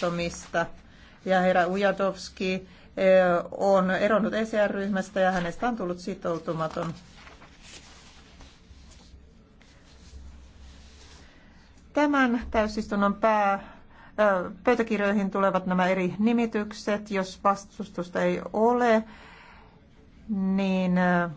katsomista. Ja herra Ujadovski eh, on eronnut ECR-ryhmästä ja hänestä on tullut sitoutumaton. Tämän täysistunnon pää eh, pöytäkirjoihin tulevat nämä eri nimitykset. Jos vastustusta ei ole, niin eh,